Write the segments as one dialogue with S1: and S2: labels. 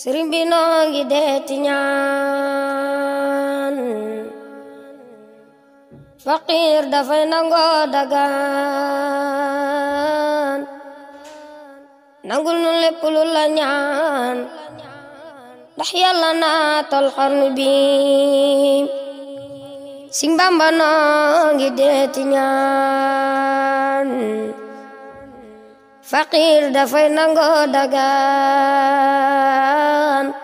S1: sëriñ bi noo ngi deeti ñaan faqiir dafay nangoo dagaan nangul nu lépp lu la ñaan ndax yàlla bi sëriñ noo ngi deeti ñaan faqiir dafay nangoo dagaan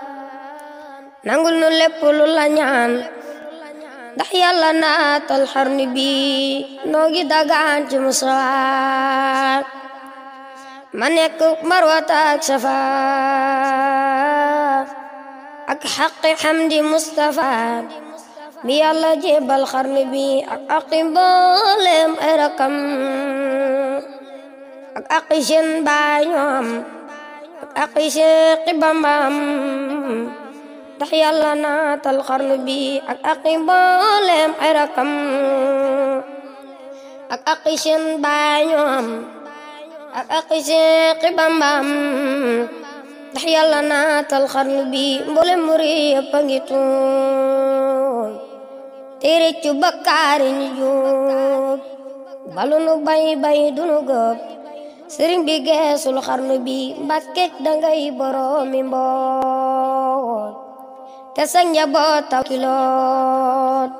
S1: nangul nu lépp la ñaan ndax yàlla naatal xarni bi noo ngi dagaan ci musaar ma nekk marwata ak xaqi xamdi mustafa mi yàlla jébal xarni bi ak aqi ay rakam ak aqi seen baay ak aqi Seexi Bambaam tax yàlla naatal xarnu bi ak aqi mbooleem ay rakam ak aqi seen baay ak aqi Seexi Bambaam tax naatal xarnu bi mbooleem muri yëpp a ngi tuun juub balu nu bay bay du sëriñ bi geesul xarnu bi mbakke dangay boroomi mboot te sa njaboot taw kiloot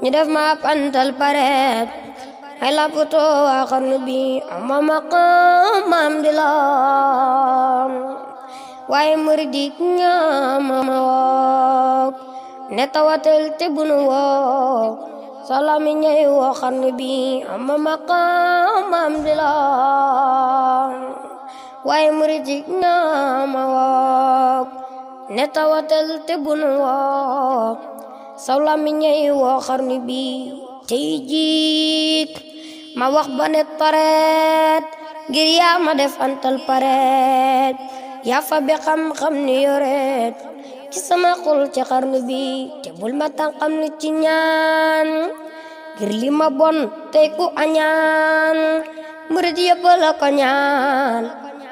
S1: ñu def ma pantal pareet ay laputo waa xarnu bi ama maqam maam di loom waaye muridik ñaama ma wook ne bunu wook salami ñay woo xarnu bi ama maqam waaye murid yi ñaa ma woog ne tawatal te bunu woo saw làmmi ñey woo xarnu bi tey jiik ma wax ba ne pareet ngir yaa ma def antal pareet yaa fa bi xam-xam ni yoreet ci sama xol ci xarnu bi te bul ma tànqam ni ci ñaan ngir li ma bon tey ku añaan murid yëpp la ko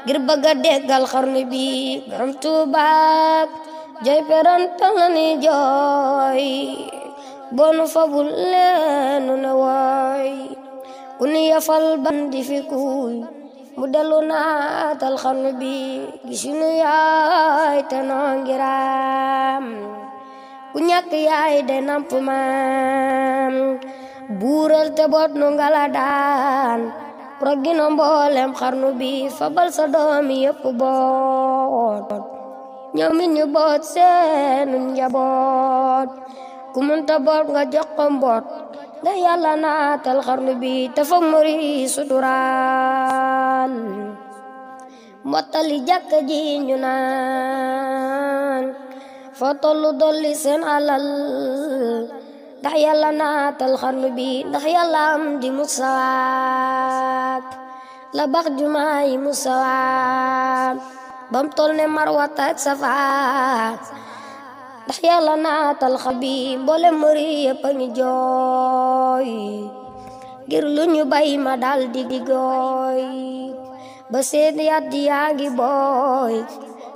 S1: ngir bëgg a déggal xarnu bi borom Tuuba jooy perantal na ni jooy bonu fabul leenu ne wooy ku ni yafal bandi fi mu dellu naatal xarnu bi gisunu yaay te noo ngiraam ku ñàkk yaay de namp maam te boot nu ngala daan roggi na mboolem xarnu bi fabal sa doomi yëpp boot ñoom ñu boot seenu njaboot ku mënta boot nga jox ko mboot nga naatal xarnu bi te foog muri suturaal mottali jàkka ji ñu naan fa dolli seen alal ndax yàlla naatal xarnu bi ndax yàlla di musaa la bax jumaa yi musawaam bam tol ne marwata ak safaa ndax yàlla naatal xabiib boole mëri yëpp jooy ngir lu ñu ma dal di di gooy ba seen yaa ngi booy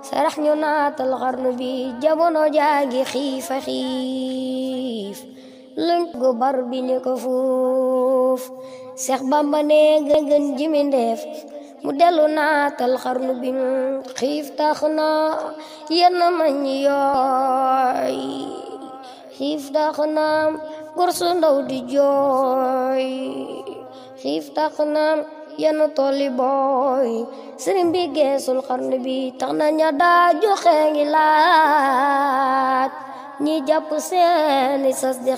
S1: sarax ñu naatal xarnu bi jamono jaa ngi xiifa xiif lënk gu bi ni ko Seex Bamba ne gën ji mi ndeef mu dellu naatal xarnu bi xiif tax na yenn mañ yooy xiif tax na góor ndaw di jooy xiif tax na yenn tolli booy sëriñ bi geesul bi tax na ña daa joxe ngi ñi jàpp seeni sas di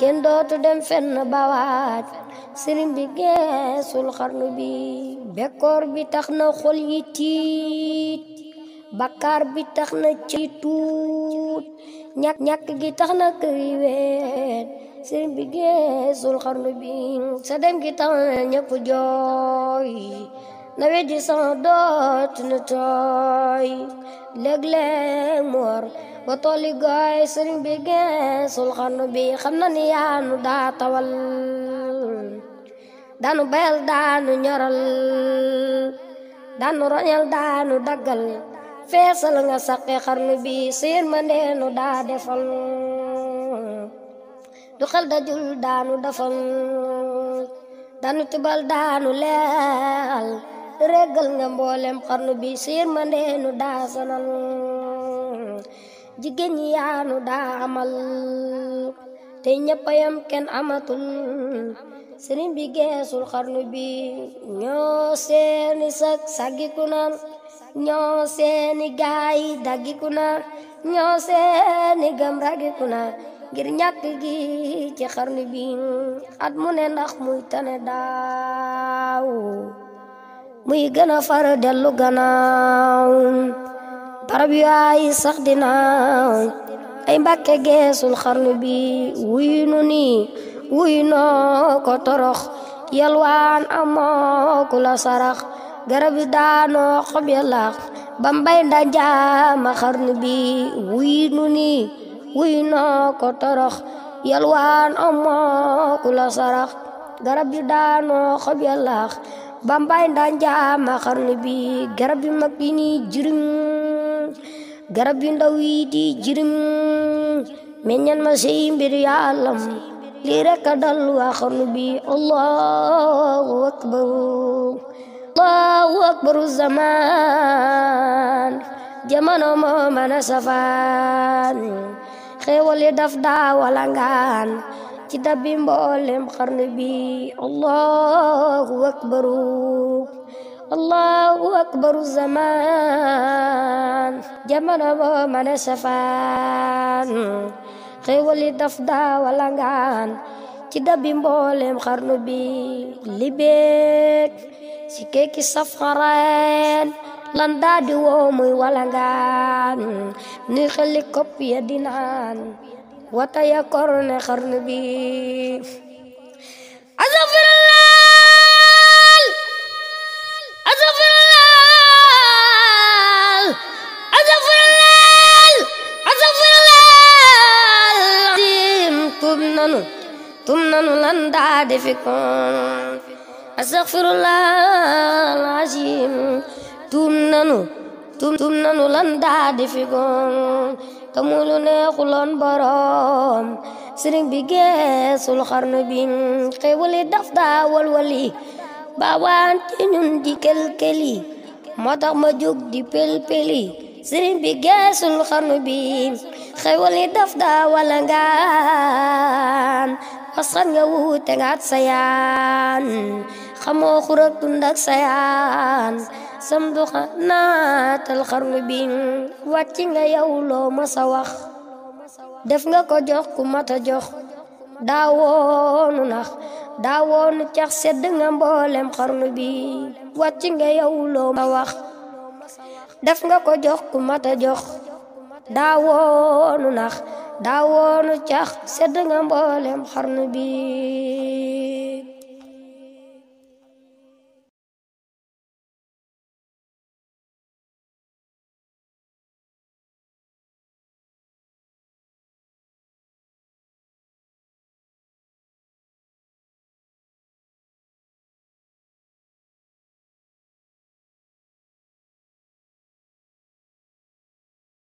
S1: kenn dootu dem fenn bawaaj sëriñ bi geesul xarnu bi bekkoor bi tax na xol yi tiit bakkaar bi tax na ci tuut ñàkk ñàkk gi tax na kër yi bi geesul xarnu bi sa dem gi tax na ñëpp jooy nawet di sama doot na tooy léeg-léeg mu war ba tool bi geesul xarnu bi xam na yaanu daa tawal daanu bayal daanu ñoral daanu roñal daanu daggal feesal nga saqi xarnu bi siir daa defal du xel dajul daanu dafal daanu tibal daanu leal régal nga mboolem xarnu bi siir ma ndeenu daa sonal yaanu daa amal te ñëppayam kenn amatul sëriñ bi geesul xarnu bi ñoo seeni sag saggiku na ñoo seeni gaay daggiku ñoo seeni gam raggiku na ngir ñàkk gi ci xarnu bi at mu ne ndax muy tane daaw muy gën a dellu gannaaw barab yu ay sax dinaaw ay mbàkke geesul xarnu bi wuyu nu nii wuyu noo ko torox yalwaan amoo ku la garab yi daanoo xob ya laax ba jaama xarnu bi wuyu nu nii wuyu noo ko torox yalwaan amoo ku la garab yi daanoo xob ya bambaay ndaa njaama xarnu bi garab yu mag yi ni jirim garab yu ndaw yi di jirim meññan ma sey mbir yàllam li rek a dal waa xarnu bi allahu akbar allahu akbaru zaman jamono moo mën a safaan xéewal yi daf daa walangaan ci dabbi mboolem xarnu bi allahu akbaru allahu akbaru zaman jamono boo mane safaan xéewal yi daf daa ci dabbi mboolem xarnu bi libeek si keeki saf xareen di woo muy wala ngaan nuy xeli dinaan wataya korone xarnu bi astaghfirullah astaghfirullah astaghfirullah astaghfirullah dim tum nanu tum nanu lan daa defi koon astaghfirullah alazim tum nanu tum nanu lan daa defi koon te mu lu neexuloon boroom sëriñ bi geesul xarnu bi xewali daf daa walwali baawaan ci ñun di kelkeli moo tax ma jóg di pelpeli sëriñ bi geesul xarnu bi xewali daf daa wala ngaan pasxan nga wuute ngaat sayaan xamoo xurak dundak sayaan samduxa naatal xarnu bi wàcc nga yow loo masa wax def nga ko jox ku mata jox daawoonu nax daawoonu cax sedd nga mboolem xarnu bi wàcc nga yow loo masa wax def nga ko jox ku mata jox daawoonu nax daawoonu cax sedd nga mboolem xarnu bi